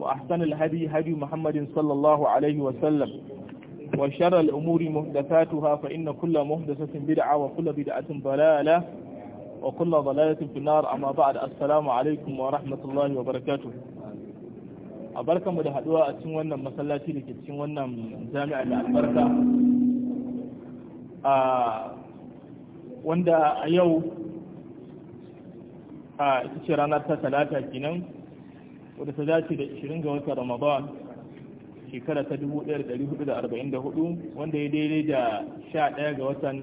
وأحسن الهدي هدي محمد صلى الله عليه وسلم وشر الأمور مهدثاتها فإن كل مهدثة بدعة وكل بدعة ضلالة وكل ضلالة في النار أما بعد السلام عليكم ورحمة الله وبركاته أبركة مدهدوا أتنونا مسلاتي لكي تنونا جامعة البركة wanda a yau a ita ce ranar ta talata kenan wadda ta dace da 20 ga watan ramadan shekara ta 1444 wanda ya daidai da 11 ga watan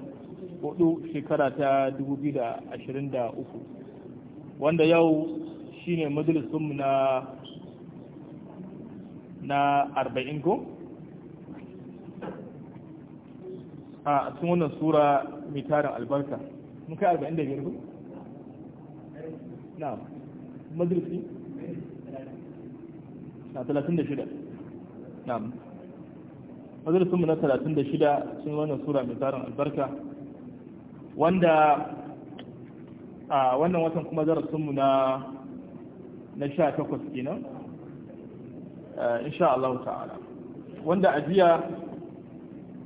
4 shekara ta 2023 wanda yau shine majalisunmu na na 40 ko a sun wannan sura mai tarin albarka mun kai 45 ko na majalisi na 36 na'am majalisunmu na 36 cikin wannan sura mai tarin albarka wanda a wannan watan kuma darasinmu na na 18 kenan insha Allah ta'ala wanda a jiya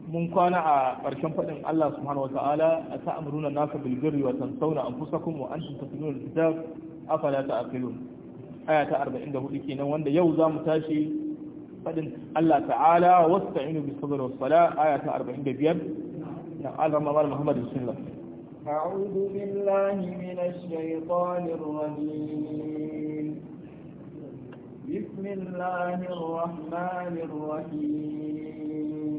mun kwana a ƙarshen faɗin Allah subhanahu ta'ala a ta'amuruna nasa bilbirri wa an tansawna anfusakum wa antum tatluna alkitab afala ta'qilun aya ta 44 kenan wanda yau za mu tashi fadin Allah ta'ala wasta'inu bis sabr was sala aya ta 45 na azama mal Muhammad sallallahu alaihi أعوذ بالله من الشيطان الرجيم بسم الله الرحمن الرحيم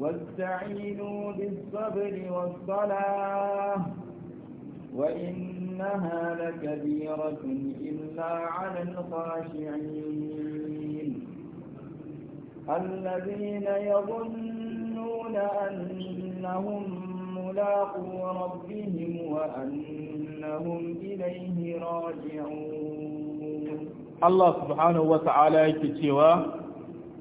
واستعينوا بالصبر wa وإن إنها لكبيرة إلا على الخاشعين الذين يظنون أنهم ملاقو ربهم وأنهم إليه راجعون الله سبحانه وتعالى يكتوى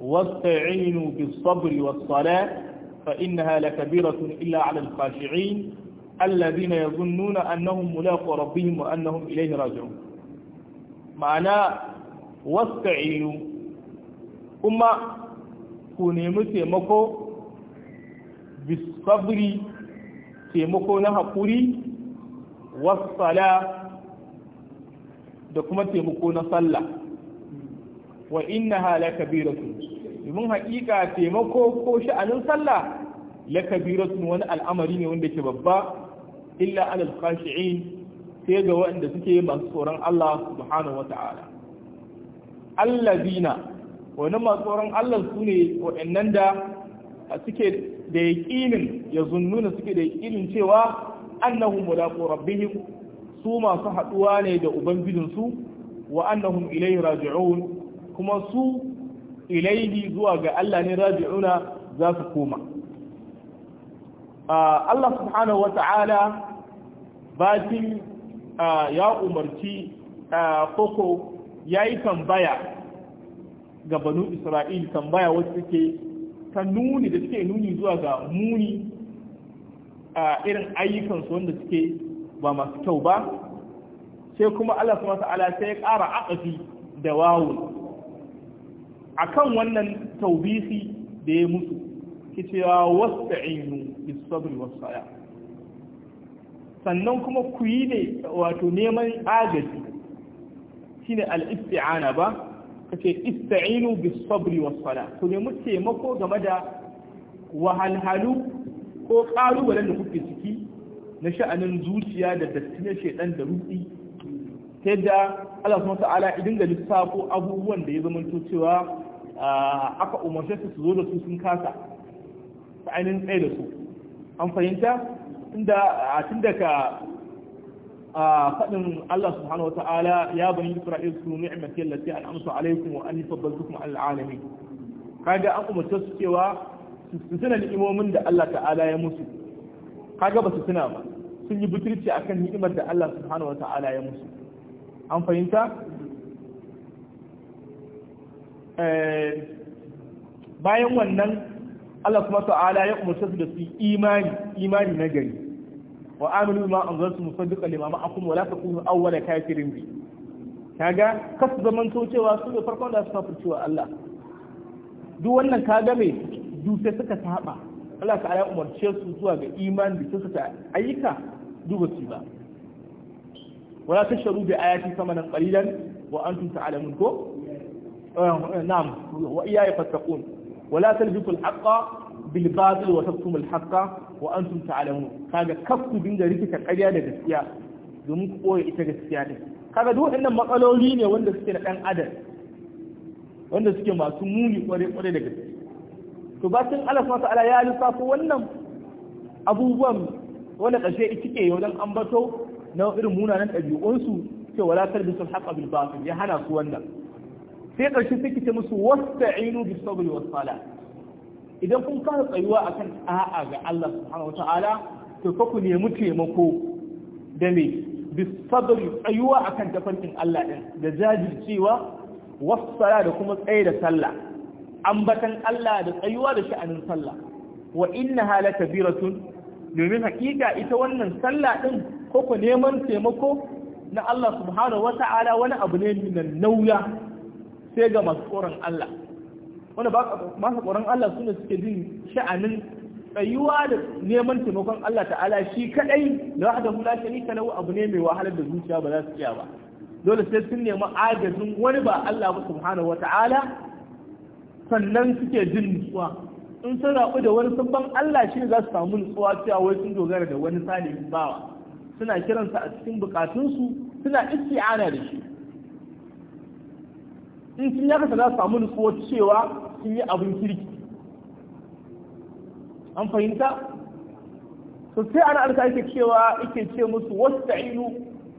واستعينوا بالصبر والصلاة فإنها لكبيرة إلا على الخاشعين allazina yazunnuna annahum mulaqu rabbihim wa annahum ilayhi raji'un ma'ana wasta'inu kuma ku nemi taimako bisabri taimako na haƙuri wasala da kuma taimako na sallah wa inna hala kabiratu domin haƙiƙa taimako ko sha'anin sallah la wani al'amari ne wanda ke babba illa alal khashi'in sai ga waɗanda suke masu tsoron Allah subhanahu wa ta'ala allazina wannan masu tsoron Allah sune ne waɗannan da suke da yaƙinin ya zunnuna suke da yaƙinin cewa annahum mulaqu rabbihim su masu haɗuwa ne da su wa annahum ilayhi raji'un kuma su ilaihi zuwa ga Allah ne raji'una za su koma ah, Allah subhanahu wata'ala batin ya umarci koko ya yi tambaya ga banu isra'il tambaya wasu suke ta nuni da suke nuni zuwa ga muni a irin ayyukansu wanda suke ba masu kyau ba sai kuma Allah subhanahu ta'ala sai ya ƙara aqafi da A kan wannan taubisi da ya mutu kicewa cewa wasu sabri was wasu sannan kuma ku yi ne wato neman agaji shine al-isti'ana ba kace isti'inu bi sabri wa sala ku nemi taimako game da wahalhalu ko ƙalubalen da kuke ciki na sha'anin zuciya da dattinan shaidan da rufi. ta yadda Allah sun ta'ala idan da ko abubuwan da ya zama cewa aka umarce su su zo da su sun kasa ta ainihin tsaye da su an fahimta inda a tun daga a faɗin Allah subhanahu wa ta'ala ya bani Isra'il su ni'mati allati an'amtu alaykum wa anni faddaltukum alal alamin kaga an kuma su cewa su tuna ni'imomin da Allah ta'ala ya musu kaga ba su tuna ba sun yi butulci akan ni'imar da Allah subhanahu wa ta'ala ya musu an fahimta eh, bayan wannan Allah kuma ta'ala ya umarce su da su imani imani na gari wa aminu ma anzaltu musaddiqa lima ma'akum wa la takunu awwala kafirin bi kaga kas zaman to cewa su da farkon da su suka furcewa Allah duk wannan kaga me duka suka saba Allah ta'ala ya umarce su zuwa ga imani da suka ayyuka duba su ba wala tashru bi ayati samanan qalilan wa antum ta'lamun ko na'am wa iyaya fattaqun wala talbisul haqqa bil batil wa taktumul haqqa wa antum ta'lamun kaga kafku dinga rikita ƙarya da gaskiya domin ku koya ita gaskiya din kaga duk waɗannan matsaloli ne wanda suke da dan adam wanda suke masu muni kware-kware da gaske to ba sun Allah subhanahu ta'ala ya lissafo wannan abubuwan wanda ƙarshe cike wajen ambato na irin munanan ɗabi'unsu cewa la talbisul haqqa bil batil ya hana su wannan sai ƙarshe sai ki ce musu wasta'inu bis sabri was sala idan kun kasa tsayuwa akan a'a ga Allah subhanahu wata'ala to fa ku nemi taimako da me bis sabri tsayuwa akan tafarkin Allah din da jajircewa was sala da kuma tsaye da sallah ambatan Allah da tsayuwa da sha'anin sallah wa innaha lakabiratun domin hakika ita wannan sallah din ko ku neman taimako na Allah subhanahu wata'ala wani abu ne mai nauya sai ga masu tsoron Allah wanda masu tsoron Allah suna suke jin sha'anin tsayuwa da neman taimakon Allah ta'ala shi kadai da wahda hula sharika lahu abu ne mai wahalar da zuciya ba za su iya ba dole sai sun nemi agajin wani ba Allah ba subhanahu wata'ala sannan suke jin nutsuwa in sun rabu da wani sabon Allah shi za su samu nutsuwa cewa wai sun dogara da wani salihin bawa suna kiransa a cikin bukatunsu suna ana da shi in sun ya kasa za su samu nutsuwa cewa sun yi abin kirki an fahimta so sai ana alka yake cewa yake ce musu wasu inu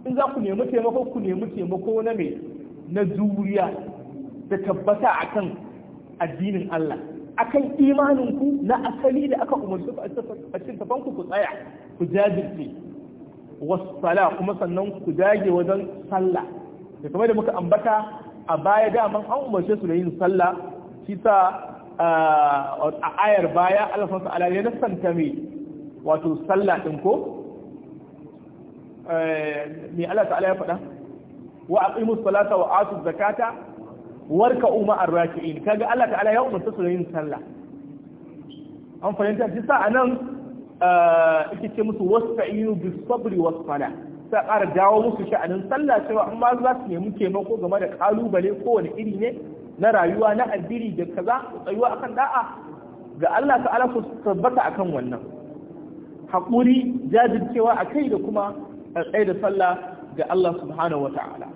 in za ku nemi taimako ku nemi taimako na mai na zuriya da tabbata a kan addinin Allah akan imaninku na asali da aka umarci a cikin tafanku ku tsaya ku jajirce wasu sala kuma sannan ku dage wajen sallah da kamar da muka ambata a baya daman an umarce su da yin sallah shi sa a ayar baya alfansu ala ya nasanta mai wato sallah din ko eh, mai Allah ta'ala ya faɗa wa a aqimu salata wa asu zakata warka umma arraki'in kaga Allah ta'ala ya umarce su da yin sallah an fahimta shi sa anan ita eh, ce musu wasu bis bisabri wasu salah ta ƙara dawo musu sha'anin sallah cewa amma za su nemi taimako game da ƙalubale kowane iri ne na rayuwa na addini da kaza su tsayuwa akan da'a ga Allah ta'ala su tabbata akan wannan haƙuri jajircewa a kai da kuma tsaye da sallah ga Allah subhanahu wata'ala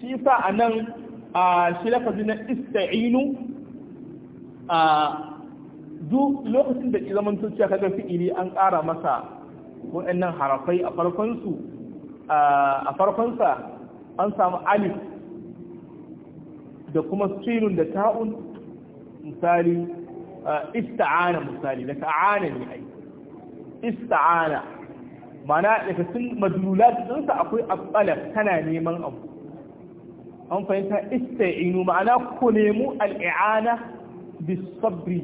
shi yasa a nan a shi lafazi na ista'inu a duk lokacin da zaman tuciya kaga fi'ili an ƙara masa waɗannan harafai a farkonsu a farkonsa an samu alif da kuma sinun da ta'un misali ista'ana misali da ta'ana ne ai ista'ana mana daga sun madululat ɗinsa akwai abbalar tana neman abu an fahimta ista'inu ma'ana ku nemu al'i'ana bisabri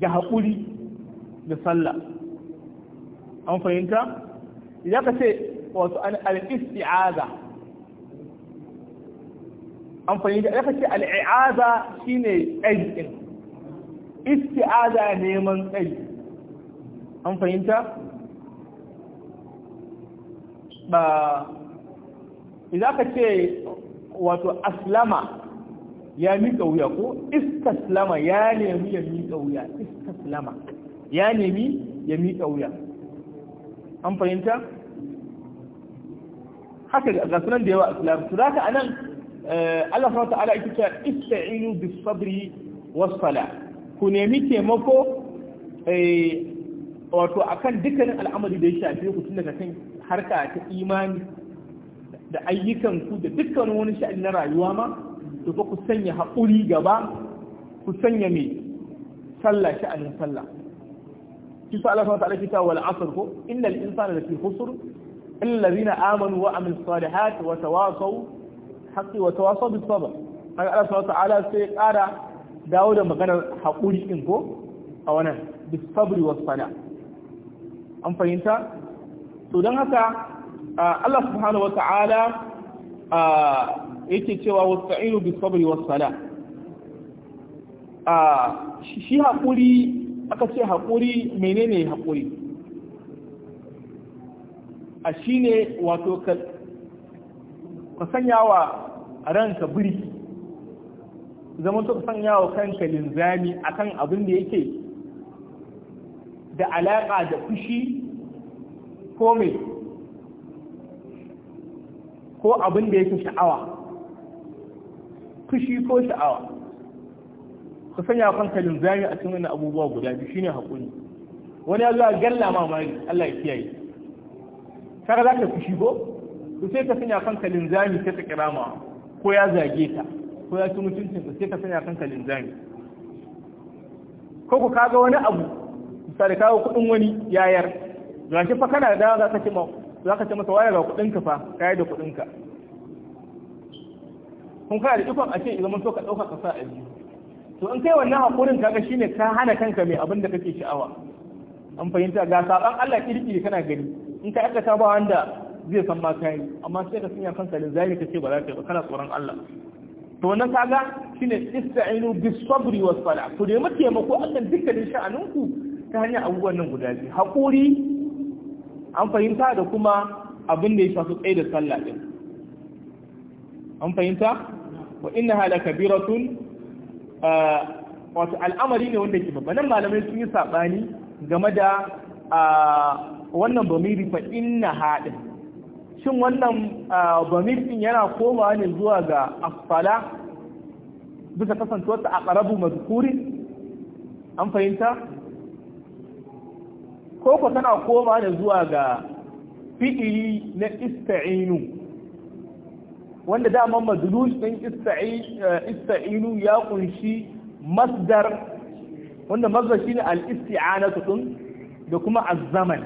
da haƙuri da sallah an fahimta idan ka ce wato al-isti'aza amfani da aka ce al shi ne tsayin isti'aza neman tsayi an fahimta? ba idan ka ce wato aslama ya miƙa wuya ko istaslama ya nemi ya miƙa wuya istaslama ya nemi ya miƙa wuya an fahimta haka ga sunan da yawa a islam su zaka anan eh, Allah subhanahu ta'ala ita ce ista'inu bis sabri was sala ku nemi taimako eh wato akan dukkanin al'amari da ya shafi ku tun daga kan harka ta imani da ayyukan ku da dukkanin wani sha'ani na rayuwa ma to ku sanya haƙuri gaba ku sanya mai sallah sha'anin sallah shi sa Allah ta'ala ke cewa wal asr ko da ke lafi khusr alladhina amanu wa amin salihat wa wata haqqi wa tawasaw bis sabr kaga Allah ta'ala sai ƙara dawo da maganar haƙuri in ko a wannan bis sabri was sala an fahimta to don haka Allah subhanahu wa ta'ala yake cewa wasta'inu bis sabri was sala shi haƙuri aka ce haƙuri menene haƙuri a shi ne wato ka sanya wa ranka biri zama ka sanya wa kanka linzami akan abin da yake da alaƙa da fushi ko mai ko abin da yake sha'awa fushi ko sha'awa Ka sanya kanka linzami a cikin wannan abubuwa guda biyu shine hakuri wani ya zo zuwa galla ma mari Allah ya kiyaye kaga zaka fushi ko to sai ka sanya kanka linzami sai ka kira ma ko ya zage ka ko ya ci mutuncin ka sai ka sanya kanka linzami ko ku kaga wani abu misali kawo kuɗin wani yayar shi fa kana da za ka ci ma za ka ce masa waya ga kuɗinka ka fa kai da kuɗinka. ka kun kai da ikon a ce idan mun so ka ɗauka ka sa a biyu to in kai wannan hakurin kaga shine ka hana kanka mai abin da kake sha'awa an fahimta ga saban Allah kirki kana gani in ka aka ba wanda zai san ma kai amma sai ka sanya kanka da zai kace ba za ka ba kana tsoron Allah to wannan kaga shine ista'inu bis sabri was sala ku nemi mako Allah dukkanin sha'aninku ta hanyar abubuwan nan guda biyu hakuri an fahimta da kuma abin da ya shafi tsaye da sallah din an fahimta wa innaha lakabiratun wato al'amari ne wanda ke babba malamai sun yi saɓani game da wannan bamiri fa inna haɗin shin wannan bamiri yana komawa ne zuwa ga asfala bisa kasantuwa a ƙarabu mazkuri an fahimta ko ko tana komawa ne zuwa ga fi'ili na ista'inu wanda dama madulus din eh, ista'inu ya kunshi masdar wanda masdar shine al-isti'anatu din da kuma az-zaman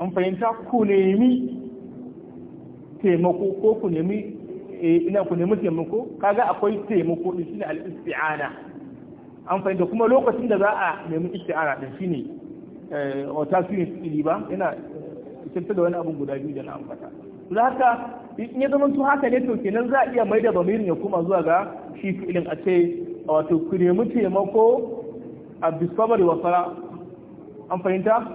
an fahimta ku nemi taimako ko ku nemi eh, ina ku nemi taimako kaga akwai taimako din shine al-isti'ana an fahimta kuma lokacin da za a nemi isti'ana din shine eh, wata su ne ba yana cinta da wani abu guda biyu da na ambata haka in ya zama su haka ne to kenan za a iya mai da bamirin ya kuma zuwa ga shi fi'ilin a ce wato ku nemi taimako a bisabari wa fara an fahimta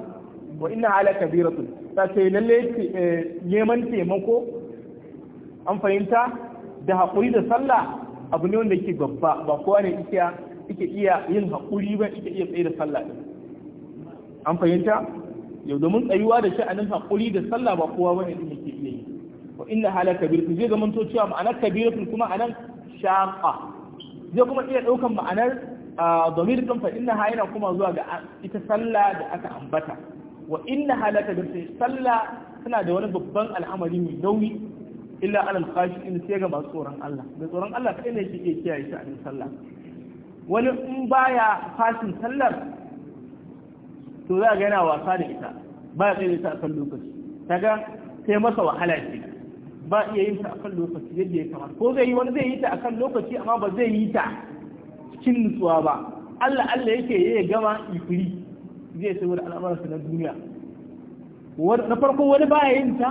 wa ina ala kabiratu ta ce lalle eh, neman taimako an fahimta da haƙuri da sallah abu ne wanda yake babba ba kowa ne iya yake iya yin haƙuri ba yake iya tsaye da sallah an fahimta yau domin tsayuwa da sha'anin haƙuri da sallah ba kowa bane ne inna hala kabiratun zai zama to cewa ma'anar kabiratun kuma anan shaqa zai kuma iya daukan ma'anar dhamir din fa inna yana kuma zuwa ga ita sallah da aka ambata wa inna hala kabiratun sallah tana da wani babban al'amari mai nauyi illa alal in sai ga masu tsoron Allah da tsoron Allah kai ne shi ke kiyaye shi a sallah wani in baya fashin sallar to za ga yana wasa da ita ba ya tsaye ta kan lokaci ta ga sai masa wahala ce ba iya yin ta akan lokaci yadda ya kamata ko zai yi wani zai yi ta akan lokaci amma ba zai yi ta cikin nutsuwa ba Allah Allah yake ya gama ifiri zai sai wani al'amarsa na duniya na farko wani ba ya yin ta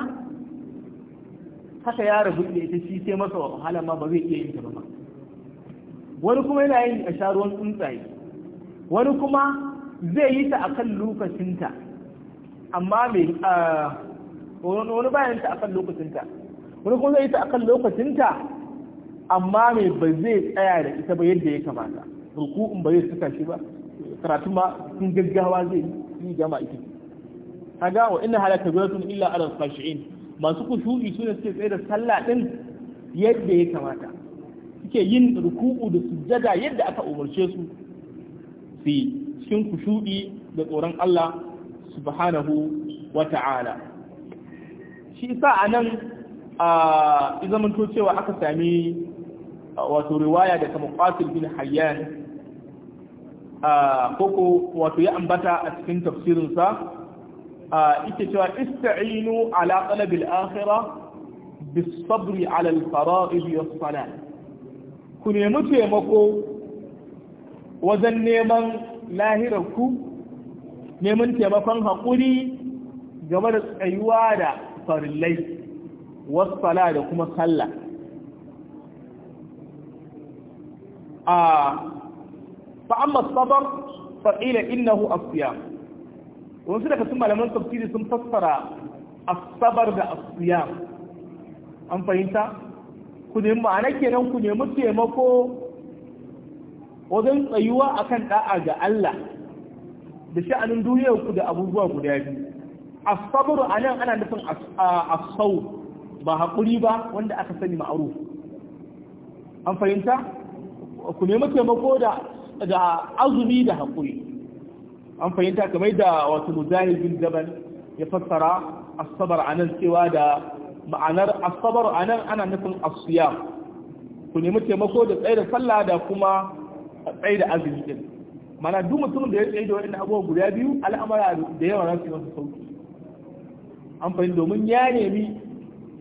haka ya rabu da ita shi sai masa wahala ma ba zai iya yin ta ba wani kuma yana yin a sha ruwan tsuntsaye wani kuma zai yi ta akan lokacinta amma mai ah, wani bayan ta akan lokacinta wani kuma zai yi ta akan lokacinta amma mai ba zai tsaya da ita ba yadda ya kamata in ba zai suka shi ba karatu ma sun gaggawa zai yi gama ita kaga wa inna halaka zuratun illa ala fashi'in masu kusuri sune suke tsaye da sallah din yadda ya kamata suke yin ruku'u da sujjada yadda aka umarce su su yi cikin kushudi da tsoron Allah subhanahu wa ta'ala shi sa anan a izamanto cewa aka sami wato riwaya daga muqatil bin hayyan koko wato ya ambata a cikin tafsirinsa ita cewa ista'inu ala talabil akhirah bis sabri ala al fara'id salat ku nemi taimako wajen neman lahirarku neman taimakon haƙuri game da tsayuwa da farillai wasfala da kuma sallah a fa'amma sabar fa'ila innahu asiya wasu daga sun malaman tafsiri sun fassara asabar da asiya an fahimta ku nemi ma'ana kenan ku nemi taimako wajen tsayuwa akan da'a ga Allah da sha'anin duniyarku da abubuwa guda biyu asabar a nan ana nufin asau ba haƙuri ba wanda aka sani ma'aruf an fahimta ku nemi taimako da da azumi da haƙuri an fahimta kamar da wasu mujahid bin ya fassara asabar nan cewa da ma'anar asabar nan ana nufin asiyam ku nemi taimako da tsaye da sallah da kuma tsaye da azumi din mana duk mutumin da ya tsaye da waɗannan abubuwa guda biyu al'amara da yawa za su yi masa sauki an fahimta domin ya nemi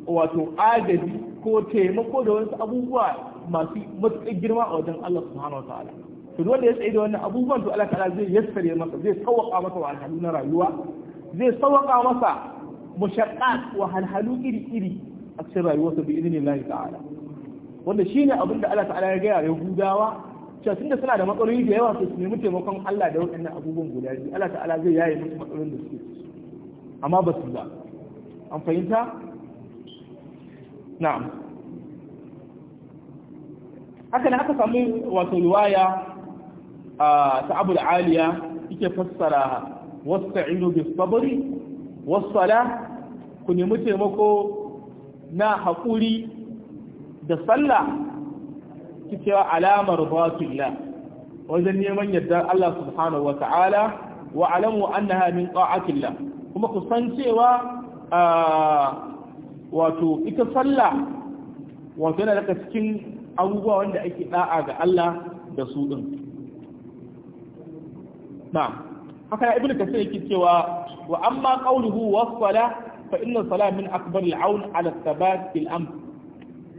wato agaji ko taimako da wasu abubuwa masu matuƙar girma a wajen Allah subhanahu wa to wanda ya tsaye da wannan abubuwan to Allah ta'ala zai yassare masa zai sauƙa masa wahalhalu na rayuwa zai sauƙa masa mushaqqat wahalhalu iri iri a cikin rayuwarsa bi idnillahi ta'ala wanda shine abin da Allah ta'ala ya ga gudawa, cewa tunda suna da matsaloli da yawa su nemi taimakon Allah da waɗannan abubuwan guda biyu Allah ta'ala zai yaye musu matsalolin da suke amma ba su ba an fahimta na'am haka ne aka samu wato riwaya ta abu da aliya yake fassara wasta'inu bis sabri wasu ala ku nemi taimako na haƙuri da sallah ki cewa alamar batilla wajen neman yardar Allah subhanahu wa ta'ala wa alamu annaha min ta'atillah kuma ku san cewa wato ita sallah wato yana daga cikin abubuwa wanda ake da'a ga Allah da su din na haka ibn kasir yake cewa wa amma qawluhu was sala fa inna min akbar al-aun ala thabat fil amr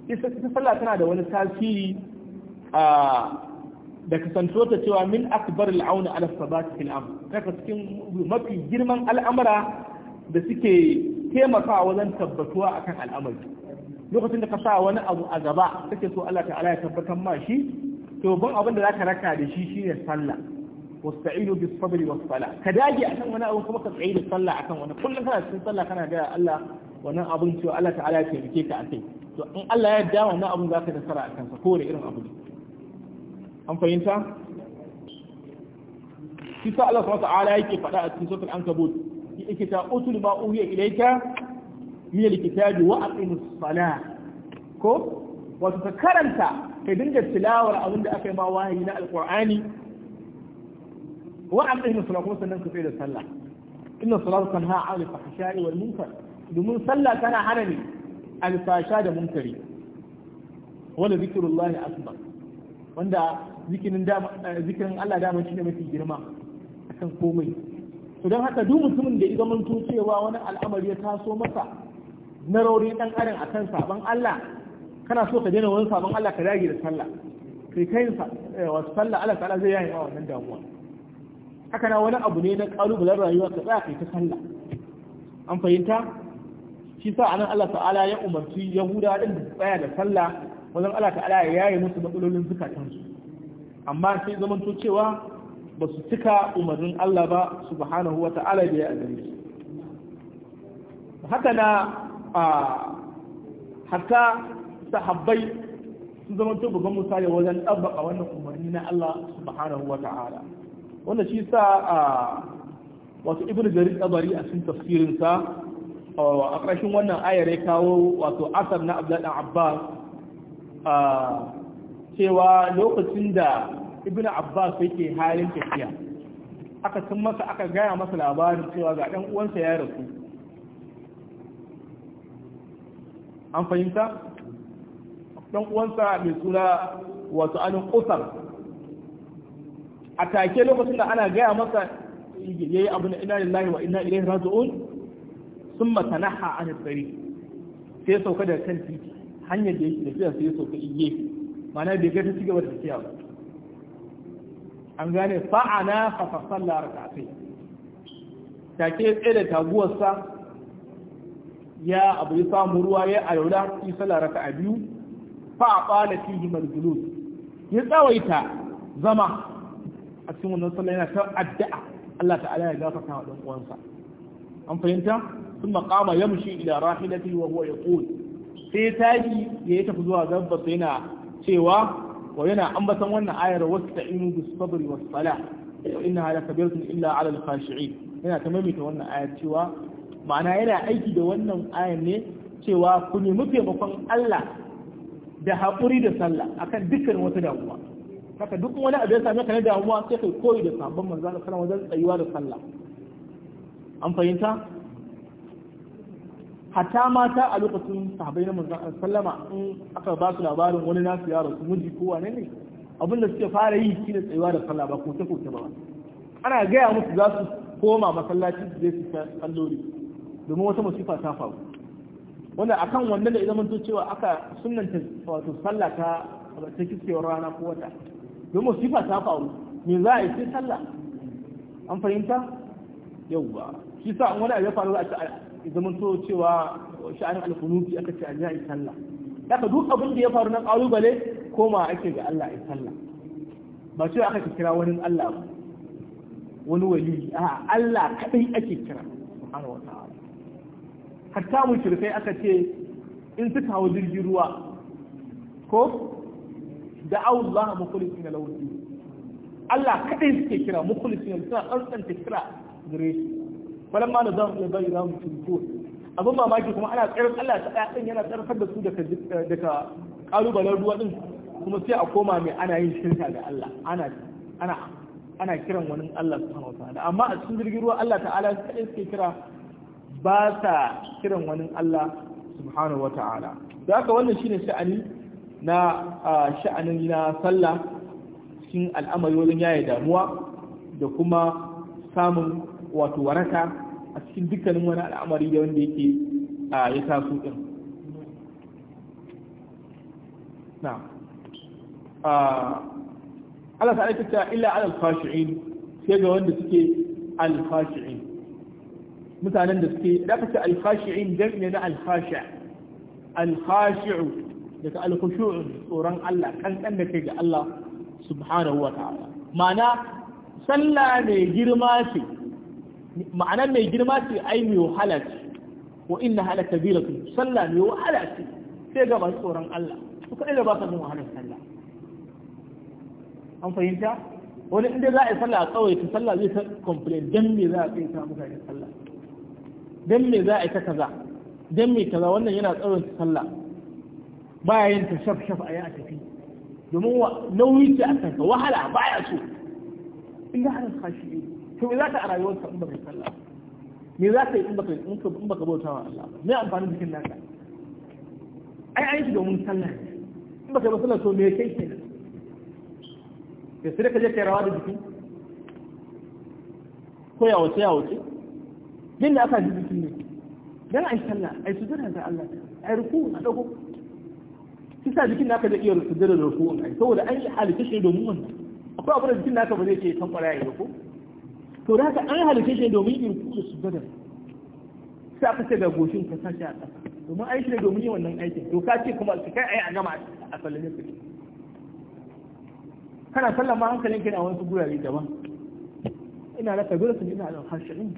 ita sallah tana da wani tasiri a da kasantuwa ta cewa min akbar al-aun ala thabat fil amr Daga cikin mafi girman al'amara da suke taimakawa wajen tabbatuwa akan al'amari lokacin da ka sa wani abu a gaba kake so Allah ta'ala ya tabbatar ma shi to ban abin da zaka raka da shi shine sallah wasta'inu bis sabri was sala ka dage akan wani abu kuma ka tsaye da sallah akan wani kullum kana cikin sallah kana ga Allah wannan abun cewa Allah ta'ala ya taimake ka akai to in Allah ya yarda wannan abun zaka nasara akan sa kowane irin abu an fahimta shi sa Allah subhanahu wa ta'ala yake faɗa a cikin suratul ankabut yake ta utul ma uhiya ilayka min alkitabi wa aqimus salah ko wato ka karanta ka dinga tilawar abin da aka yi ma wahayi na alqur'ani wa aqimus salah kuma sannan ka tsaya da sallah inna salata tanha 'anil fahsha'i wal munkar domin sallah tana hana ne alfasha da munkari wala zikrullahi akbar wanda zikirin Allah dama shi ne mafi girma akan komai to don haka duk mutumin da ya zamanto cewa wani al'amari ya taso masa na rauri dan adam akan sabon Allah kana so ka daina wani sabon Allah ka dage da sallah kai kai eh, wasu sallah Allah ta'ala zai yayi wannan damuwa haka na wani abu ne na kalubalen rayuwa ka tsaya kai ta sallah an fahimta shi sa anan Allah ta'ala ya umarci Yahuda din da tsaya da sallah wajen Allah ta'ala ya yayi musu matsalolin zukatansu amma sai zamanto cewa ba su cika umarnin Allah ba subhanahu wa ta'ala da ya gare su haka na hatta sahabbai sun zama to babban misali wajen ɗabbaka wannan umarni na Allah subhanahu wa ta'ala wanda shi sa wato ibnu jarir tabari a cikin tafsirin sa a ƙarshen wannan ayar ya kawo wato asar na abdullah abbas cewa lokacin da ibn abbas yake halin tafiya aka tun masa aka gaya masa labarin cewa ga ɗan uwansa ya rasu an fahimta ɗan uwansa mai suna wato anin kusar a take lokacin da ana gaya masa ya yi abu na ina lillahi wa ina ilaihi raji'un sun matanaha an tsari sai sauka da kan titi hanyar da yake tafiya sai sauka iye ma'ana bai ga ta cigaba da tafiya ba an gane fa'ana na fa salla rak'atay take tsaye da taguwarsa ya abu ya samu ruwa ya ayola yi sallah a biyu Fa'a qala fihi malghulus ya tsawaita zama a cikin wannan sallah yana ta addu'a Allah ta'ala ya gafarta wa dan uwansa an fahimta thumma qama yamshi ila rahilatihi wa huwa yaqul sai tashi ya tafi zuwa gabbar yana cewa wa yana ambaton wannan ayar wasta'inu bis sabri was salah wa innaha lakabiratun illa 'ala al yana ta maimaita wannan ayar cewa ma'ana yana aiki da wannan ayar ne cewa ku nemi taimakon Allah da haƙuri da sallah akan dukkan wata damuwa haka duk wani abu ya same ka na damuwa sai kai koyi da sabon manzo Allah sallallahu alaihi tsayuwa da sallah an fahimta hatta mata a lokacin sahabai na manzon sallama in aka ba su labarin wani nasu ya rasu miji ko wane ne abin da suke fara yi shine tsayuwa da sallah ba ta koke ba ana gaya musu za su koma masallaci su je su kallori domin wata masifa ta faru wanda akan wannan da idan to cewa aka sunnanta wato sallah ta ta kiskewar rana ko wata Domin masifa ta faru me za a yi sai sallah an fahimta yauwa shi sa wani abu ya faru a zaman to cewa sha'anin alkunuti aka ce a yi sallah ka duk abin da ya faru na kalubale koma ake ga Allah ya sallah ba ce aka kira wani Allah ba wani wali a Allah kadai ake kira subhanahu wa ta'ala hatta mushrikai aka ce in suka hawo jirgin ruwa ko da Allah mukhlisina lahu Allah kadai suke kira mukhlisina suna tsantsanta kira gare shi falan ma nazam ya bai na mutum ko abin mamaki kuma ana tsayar Allah ta ɗaya yana tsarkar da su eh, daga ƙalubalen ruwa ɗin kuma sai a koma mai ana yin shirka ga Allah ana ana ana kiran wani Allah subhanahu wataala amma a cikin jirgin ruwa Allah ta'ala kaɗai suke kira ba sa kiran wani Allah subhanahu wataala da haka wannan shine sha'ani na sha'anin na sallah cikin al'amari wajen yaye damuwa da kuma samun wato waraka a cikin dukkanin wani al'amari da wanda yake a ya taso din na Allah ta aikata illa alal khashi'in sai ga wanda suke alfashi'in, mutanen da suke da kace alfashi'in khashi'in jami'i na alfashi khashi' al khashi'u daga al tsoron Allah kankan da kai ga Allah subhanahu wa ta'ala ma'ana sallah ne girma ce Ma'ana mai girma ce ai mai wahala ce wa inna hala kabiratu sallah mai wahala ce sai ga masu tsoron Allah su kai da ba sa jin wahalar sallah an fahimta wani inda za a yi sallah a tsawaita sallah zai ta complain dan me za a tsawaita yi sallah dan me za a yi ta kaza dan me kaza wannan yana tsawaita sallah baya yin ta shaf shaf a yi a tafi domin nauyi ce a kanka wahala baya so inda hana kashi ne to me za ka a rayuwarka in baka yi sallah me za ka yi in baka in baka bauta wa Allah me amfanin jikin naka ai an shi domin sallah in baka ba sallah to me kai kenan da sai ka je kai rawa da jiki ko ya wace ya wace din da aka ji jikin ne dan ai sallah ai sujada ga Allah ai ruku a dago kisa jikin naka da iya sujada da ruku ai saboda an yi halitta shi domin wannan akwai abin da jikin naka ba zai ke kan kwara ya yi ko? to da haka an halice shi domin in kuɗe su gada sai aka ce ga goshin ka sashi a ƙasa domin aiki ne domin yin wannan aikin to ka ce kuma su kai ai a gama a sallame su kana sallan ma hankalin kai na wasu gurare daban ina raka dole su ina da harshen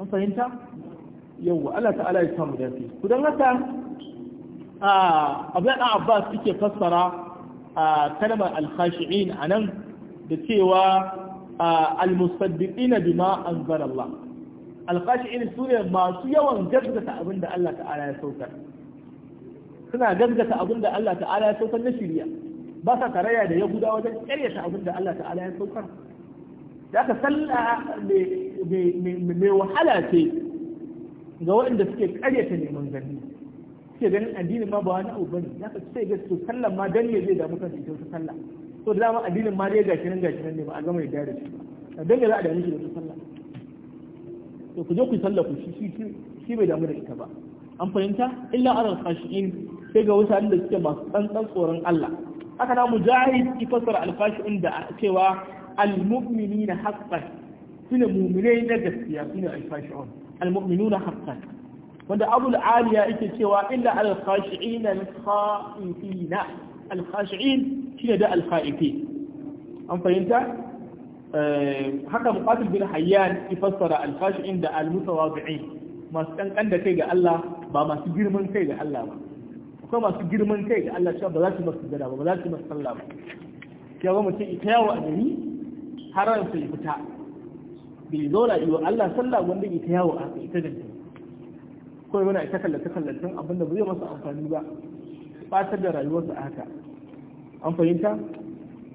an fahimta yawwa Allah ta'ala ya samu dace ku dan haka Abdullahi ɗan Abbas suke fassara kalmar al-khashi'in anan da cewa al-musaddiqina bima anzala Allah al-qashi'in sune masu yawan gaskata abinda Allah ta'ala ya saukar suna gaskata abinda Allah ta'ala ya saukar na shari'a ba sa tarayya da yahuda wajen karyata abinda Allah ta'ala ya saukar ka salla wahala ce ga waɗanda suke karyata neman gani suke ganin addini ma ba wani abu bane za ka ce ga su sallan ma dan ne zai damu kan ita wata sallah so da dama addinin ma dai shi nan ga shi nan ne ba a gama yadda da shi ba dan da za a dame shi da sallah to ku je ku sallah ku shi shi shi bai damu da ita ba an fahimta illa alal khashiin sai ga wasu da suke masu tsantsan tsoron Allah haka na mujahid ki fasara al khashiin da cewa al mu'minina haqqan sune mu'minai na gaskiya sune al khashiin Almuminu na haqqan wanda abu al aliya yake cewa illa alal na al khafifina al khashiin shine da alfa'ifi an fahimta eh, haka muqatil bin hayyan ya fassara alfashi'in da almutawazi'in masu kankan da kai ga Allah ba masu girman kai ga Allah ba akwai masu girman kai ga Allah cewa ba za su masu sujada ba ba za su masu sallah ba ya ga mutum ita yawo a gari harar su ya fita bai zauna yi wa Allah sallah wanda ita yawo a ita da kawai wani ita kallata kallacen abin da bai masa amfani ba fatar da rayuwarsa a haka an fahimta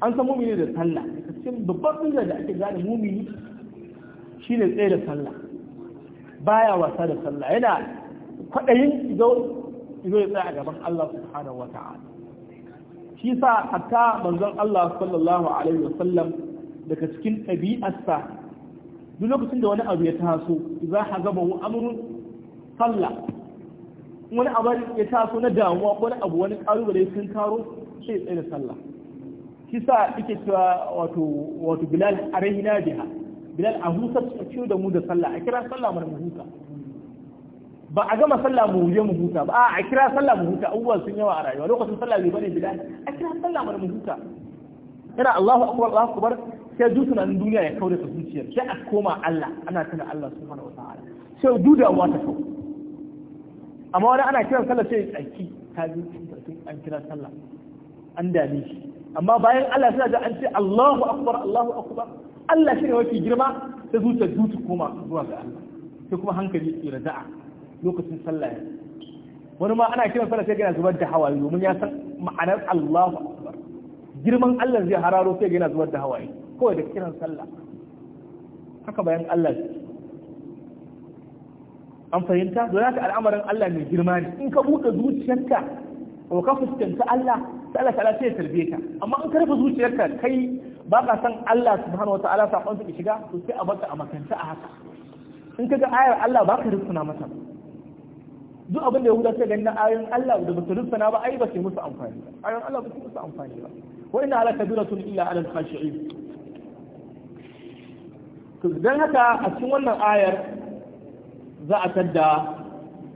an san mumini da sallah cikin babban hujja da ake gane mumini shine tsaye da sallah baya wasa da sallah yana kwadayin izo izo ya tsaya a gaban Allah subhanahu wa ta'ala shi sa hatta manzon Allah sallallahu alaihi wa sallam daga cikin ɗabi'arsa duk lokacin da wani abu ya taso za a gaba wa amurin sallah wani abu ya taso na damuwa wani abu wani ƙalubale sun taro sai tsaye sallah kisa ike cewa wato wato bilal arihina biha bilal a husa ciyo da mu da sallah a kira sallah mana mu huta ba a gama sallah mu je mu huta ba a kira sallah mu huta abubuwan sun yawa a rayuwa lokacin sallah bai bane bilal a kira sallah mana mu huta ina Allahu akbar Allahu akbar sai duk tunanin duniya ya kauda ta zuciyar sai a koma Allah ana tuna Allah subhanahu wataala sai duda wa ta kau amma wani ana kiran sallah sai tsaki ta ji an kira sallah an dame shi amma bayan Allah suna da an ce Allahu akbar Allahu akbar Allah shi ne mafi girma ta zuciyar zuci koma zuwa ga Allah sai kuma hankali ya da'a lokacin sallah wani ma ana kiran sallah sai ga zubar da hawaye domin ya san ma'anar Allahu akbar girman Allah zai hararo sai ga yana zubar da hawaye kawai da kiran sallah haka bayan Allah an fahimta don haka al'amarin Allah mai girma ne in ka buɗe zuciyarka ko ka fuskanci Allah Allah ta'ala sai ya tarbe ka amma an karfa zuciyarka kai ba ka san Allah subhanahu wataala sakon ki shiga to sai a baka a makanta a haka in kaga ayar Allah ba ka rufuna mata duk abin da Yahuda suka gani na ayoyin Allah da ba su rufuna ba ai ba su musu amfani ba ayoyin Allah ba su musu amfani ba wa inna ala kabiratun illa ala al-khashi'in to dan haka a cikin wannan ayar za a tadda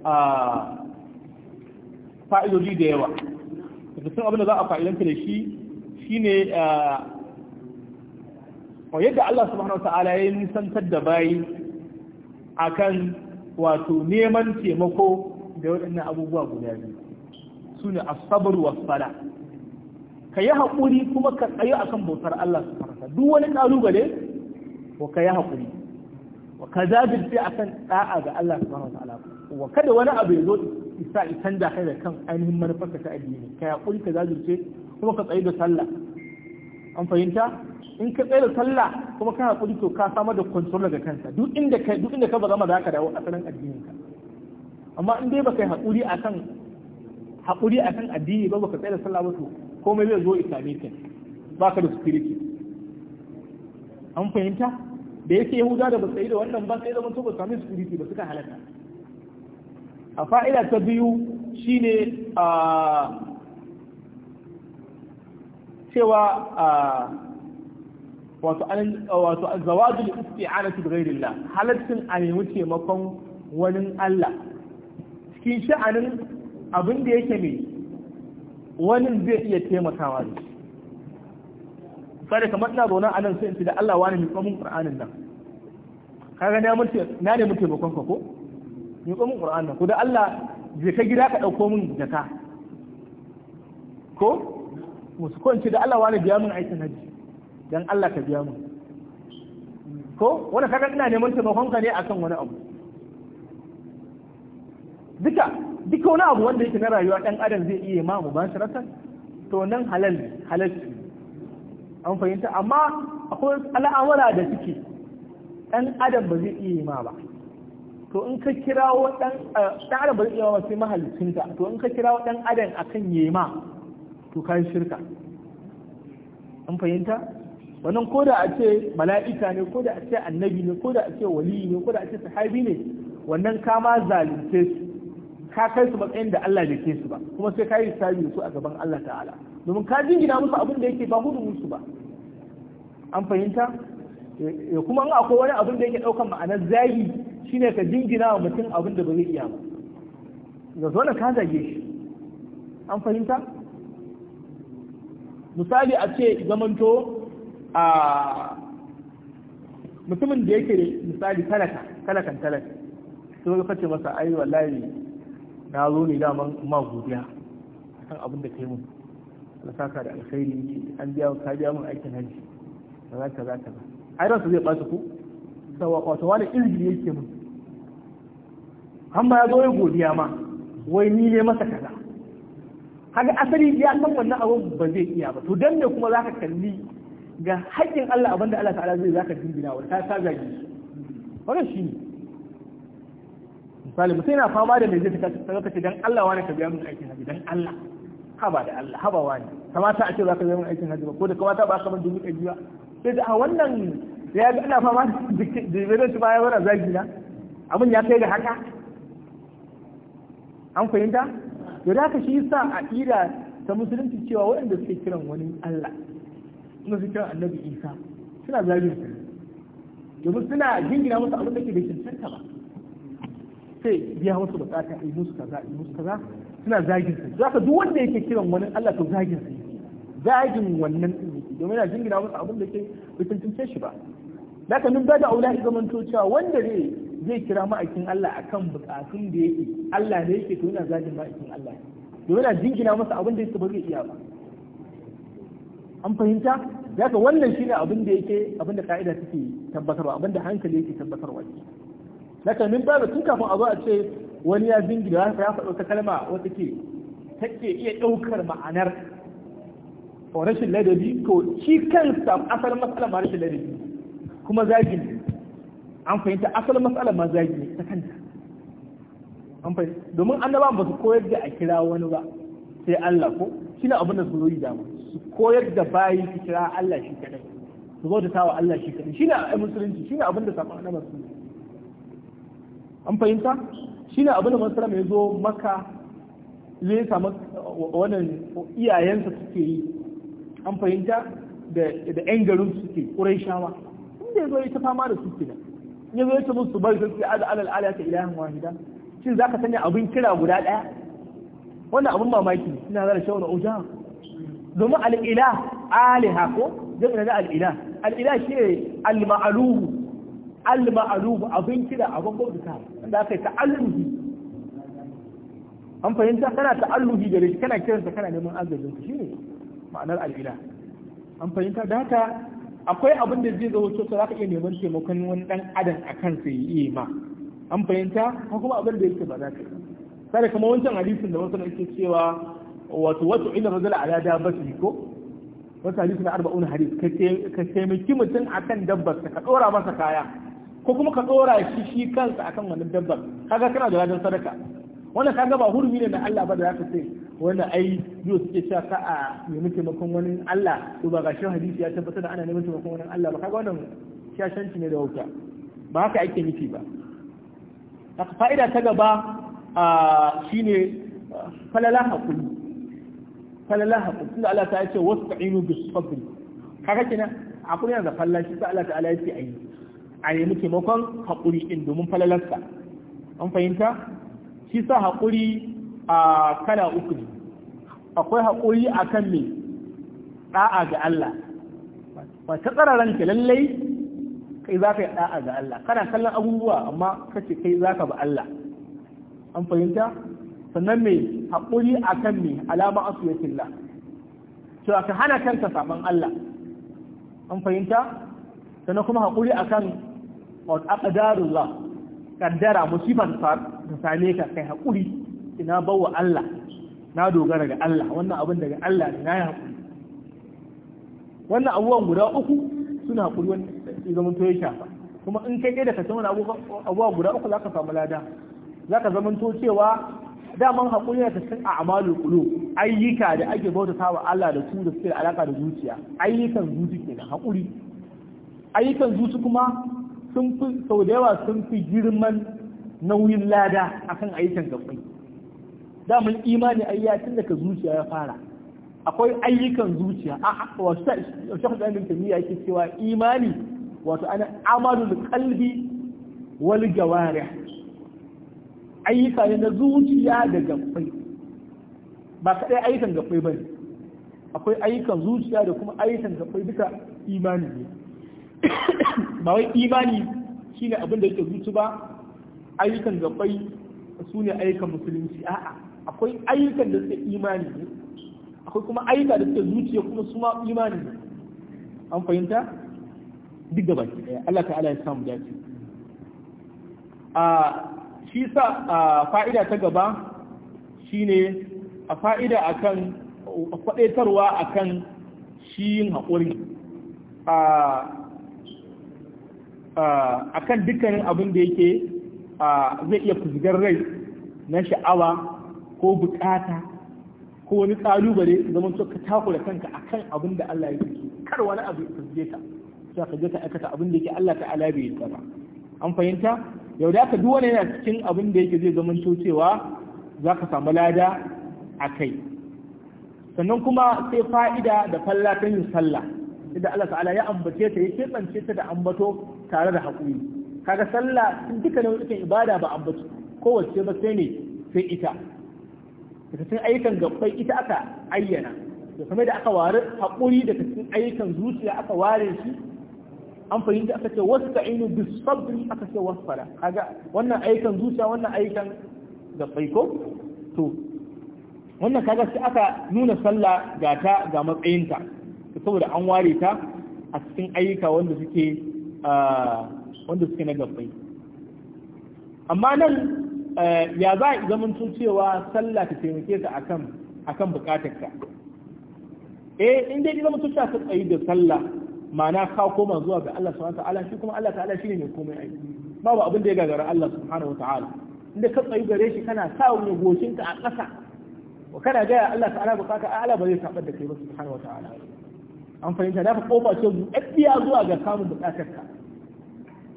ah, fa'idodi da yawa daga cikin abin da za a fa'ilanta da shi shine wa yadda Allah subhanahu wata'ala ya nisantar da bayi kan wato neman taimako da waɗannan abubuwa guda biyu su ne asabar wasfala ka yi haƙuri kuma ka tsaye kan bautar Allah subhanahu wata'ala duk wani ƙalubale ko ka yi haƙuri wa ka a kan ɗa'a ga Allah subhanahu wata'ala wa kada wani abu ya zo isa isan da kai da kan ainihin manufarka ta addini ka yaƙuri ka zazurce kuma ka tsaye da sallah an fahimta in ka tsaye da sallah kuma ka haƙuri to ka samar da kwantar daga kanka duk inda ka duk inda ka ba gama ka dawo asalin addinin ka amma in dai ba kai haƙuri akan haƙuri akan addini ba ka tsaye da sallah ba to komai zai zo islami ka ka da security an fahimta da yake yahuda da ba tsaye da wannan ba sai da mun to ba sami security ba suka halaka a fa'ida ta biyu shine a cewa a wato zawajul isti'anatu da ghairillah halaccin a nemi taimakon wani Allah cikin sha'anin abin da yake mai wani zai iya taimakawa da shi sai kamar ina zaune a nan sai in da Allah wani mai tsamin Qur'anin nan kaga na nemi taimakon ka ko miƙo min Qur'an nan ko da Allah je ka gida ka ɗauko min jaka ko musu ko da Allah wani biya min aikin haji dan Allah ka biya min ko wani kaga ina neman taimakon ka ne akan wani abu duka duka wani abu wanda yake na rayuwa dan adam zai iya ma mu ban to nan halal halal an fahimta amma akwai al'amura da suke ɗan adam ba zai iya ma ba to in ka kira wa dan tsara ba iya sai mahalicinta to in ka kira wa dan adam akan yema to ka yi shirka an fahimta wannan ko da a ce mala'ika ne ko da a ce annabi ne ko da a ce wali ne ko da a ce sahabi ne wannan ka ma zalunce su ka kai su matsayin da Allah ya ke su ba kuma sai ka yi sabi su a gaban Allah ta'ala domin ka jingina musu abin da yake ba hudu musu ba an fahimta eh, eh, kuma in akwai wani abin da yake daukan ma'anar zahiri Shi ne ka jingina wa mutum abin da ba zai iya ba ga zo ka zage shi an fahimta misali a ce zamanto a mutumin da yake misali talaka talakan talaka su ga kace masa ai wallahi na zo ne daman ma godiya kan abin da kai mun na saka da alkhairi an biya ka biya mun aikin hajji kaza kaza kaza ai su zai ɓata ku sawa wato wani izini yake mun amma ya zo ya godiya ma wai ni ne masa kaza kaga asali ya san wannan abin ba zai iya ba to dan ne kuma zaka kalli ga haƙƙin Allah abinda da Allah ta'ala zai zaka dindina wa ta ta zagi wannan shi misali mutum yana fama da mai zai ta zaka ce dan Allah wani ka biya min aikin haji dan Allah haba da Allah haba wani kamata a ce zaka biya min aikin haji ba ko da kamata ba ka min dubu ɗari ba sai da a wannan ya ga ana fama da zai ci baya wannan zagi na abin ya kai da haka an fahimta to da haka shi sa a ƙira ta musulunci cewa waɗanda suke kiran wani Allah suna suke kiran Annabi Isa suna zagin su domin suna jingina musu abin da ke da cancanta ba sai biya musu bukata ai musu kaza ai musu kaza suna zagin su ka duk wanda yake kiran wani Allah to zagin su zagin wannan din domin yana jingina musu abin da ke da cancance shi ba zaka nun ba da aula ya zamanto cewa wanda ne zai kira ma'aikin Allah a kan bukatun da yake Allah ne yake to yana zagin ma'aikin Allah to yana jingina masa abin da yake ba zai iya ba an fahimta daga wannan shi ne abin da yake abin da ka'ida take tabbatarwa abin da hankali yake tabbatarwa zaka min ba tun kafin a zo a ce wani ya jingina ya faɗa wata kalma wata ke take iya ɗaukar ma'anar ko rashin ladabi ko shi kansa asalin matsalar ma rashin ladabi kuma zagin an fahimta asalin matsalar ma zagi ne ta kanta an fahimta domin annabawan ba su koyar da a kira wani ba sai Allah ko shi ne abin da su yi dama su koyar da bayi su kira Allah shi kadai su zo da tawa Allah shi kadai shi ne a musulunci shi ne abin da saƙon annabawa su an fahimta shi ne abin da masarar ya zo maka zai samu uh, wannan iyayensa suke yi an fahimta da 'yan garin suke ƙurai shawa inda ya zo ya ta fama da suke da ya zo ya ce musu bar sai azu alal alata ilahan wahida shin zaka sanya abin kira guda daya wannan abin mamaki ina zara shawara uja domin al-ilah hako, ko zai da al-ilah al-ilah shi al ma'ruf al ma'ruf abin kira abin bauta inda aka yi ta'alluhi an fahimta kana ta'alluhi da shi kana kiransa kana neman azabin shi ne ma'anar al-ilah an fahimta da haka akwai abin da zai zama cewa za ka iya neman taimakon wani dan adam a kan sai yi ma an fahimta ko kuma abin da yake ba za ka yi sai kuma wancan hadisin da wasu ne cewa wato wato ila rajula ala dabati ko wasu hadisin na arba'un hadis ka taimaki mutum akan dabbar ka dora masa kaya ko kuma ka dora shi shi kansa akan wannan dabbar kaga kana da ladan sadaka wannan kaga ba hurumi ne na Allah ba da zaka sai wanda ai biyu suke cewa ka a nemi taimakon wani Allah to ba gashin hadisi ya tabbatar da ana neman taimakon wani Allah ba kaga wannan shashanci ne da wauta ba haka ake nufi ba haka fa'ida ta gaba a shine falala hakuri falala hakuri tunda Allah ta ce wasta'inu bis sabr kaga kina hakuri yana da fallashi sai Allah ta'ala ya ce ayi a nemi taimakon hakuri din domin falalarsa an fahimta shi sa hakuri a kala uku ne akwai hakuri a kan me ɗa'a ga Allah ba ta tsararan ki lallai kai za ka yi ɗa'a ga Allah kana kallon abubuwa amma kace kai za ka ba Allah an fahimta sannan mai haƙuri a kan me alama la cewa ka hana kanka saban Allah an fahimta sannan kuma haƙuri a kan ƙadarullah ƙaddara musifar same ka kai haƙuri ina bawa Allah na dogara ga Allah wannan abin daga Allah ne na yi haƙuri wannan abubuwan guda uku suna haƙuri wani zaman to ya shafa kuma in kai da ka san wani abubuwa guda uku za ka samu lada za ka zaman to cewa daman haƙuri na tafiya a amalin ƙulu ayyuka da ake bauta sawa Allah da su da suke da alaƙa da zuciya ayyukan zuci ke da haƙuri ayyukan zuci kuma sun fi sau da yawa sun fi girman nauyin lada akan ayyukan gaɓɓai mun imani ayya tun daga zuciya ya fara akwai ayyukan zuciya a wasu shakku da amin tamiya yake cewa imani wato ana amalul kalbi wal jawarih ayyuka ne na zuciya da gabbai ba kaɗai ayyukan gabbai ba akwai ayyukan zuciya da kuma ayyukan gabbai duka imani ne ba wai imani shine abin da yake zuci ba ayyukan gabbai su ne ayyukan musulunci a'a akwai ayyukan da suke imani ne akwai kuma ayyuka da suke zuciya kuma su ma imani ne an fahimta duk da baki daya Allah ta'ala ya samu dace a shi sa fa'ida ta gaba shine a fa'ida akan kwadaitarwa akan shi yin haƙuri a akan dukkanin abin da yake zai iya fuzgar rai na sha'awa ko bukata ko wani kalubale zaman to ka takura kanka akan abin da Allah ya kar wani abu ka je ta. sai ka je ta aikata abin da yake Allah ta'ala bai yi tsara? an fahimta yau da ka duwane yana cikin abin da yake zai zaman to cewa za ka samu lada a kai sannan kuma sai fa'ida da falla yin sallah inda Allah ta'ala ya ambace ta ya kebance ta da ambato tare da haƙuri kaga sallah duka nau'ikan ibada ba ambaci kowace ba sai ne sai ita daga cikin ayyukan gabbai ita aka ayyana da kuma da aka ware haƙuri daga cikin ayyukan zuciya aka ware shi an fahimta aka ce wasu ta'inu bis sabri aka ce wasu fara kaga wannan ayyukan zuciya wannan ayyukan gabbai ko to wannan kaga shi aka nuna sallah ga ta ga matsayinta saboda an ware ta a cikin ayyuka wanda suke ah, wanda suke na gabbai amma nan Eh, ya za a tun cewa sallah ta taimake ka akan akan bukatar ka eh in dai tun cewa ka tsayi da sallah ma'ana ka koma zuwa ga Allah subhanahu ta'ala, shi kuma Allah ta'ala shine mai komai ai babu abin da ya gagara Allah subhanahu ta'ala inda ka tsayi gare shi kana sa wani goshin ka a ƙasa wa kana ga Allah ta'ala bukata Allah ba zai tabar da kai ba subhanahu ta'ala an fahimta da ka kofa ce zuwa ga samun bukatar ka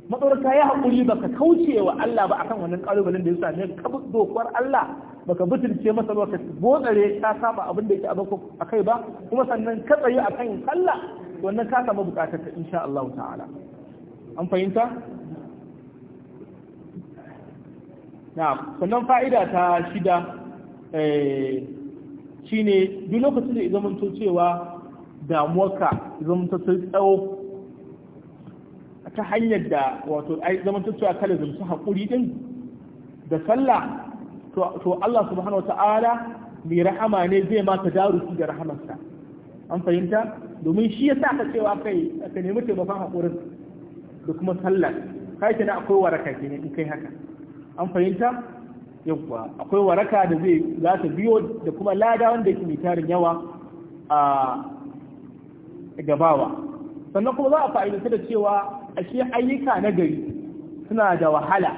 matsorka ya haƙuri baka kauce wa Allah ba a kan wannan ƙalubalen da ya same ka dokuwar Allah ba ka butulce masa ba ka botsare ka saba abin da yake a akai ba kuma sannan ka tsayi akan Allah wannan ka samu buƙatar ka insha Allah ta'ala an fahimta na sannan fa'ida ta shida eh, shine duk lokacin da ya zamanto cewa damuwarka ya zamanto sai tsawo ta hanyar da wato ai zaman cewa kala zumsu haƙuri din da sallah to Allah subhanahu wata'ala mai rahama ne zai ma ta darusi da rahamarsa an fahimta domin shi sa ka cewa kai ka nemi taimakon haƙurin da kuma sallah kai kina akwai waraka kenan in kai haka an fahimta yawwa akwai waraka da zai za ta biyo da kuma lada wanda yake mai tarin yawa a gabawa sannan kuma za a fa'idanta da cewa ashe ayyuka na gari suna da wahala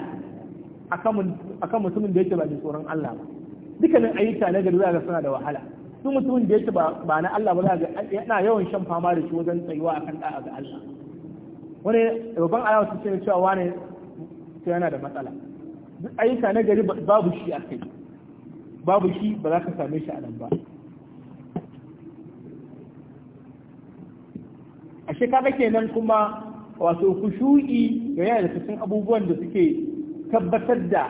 akan mutumin da yake ba da tsoron Allah ba dukkanin ayyuka na gari za ga suna da wahala duk mutumin da yake ba na Allah ba za ga yana yawan shan fama da shi wajen tsayuwa akan da'a ga Allah wani babban alama su ce cewa wani sai yana da matsala duk ayyuka na gari babu shi a kai babu shi ba za ka same shi a nan ba a shekara kenan kuma wato kushu'i ga yana da cikin abubuwan da suke tabbatar da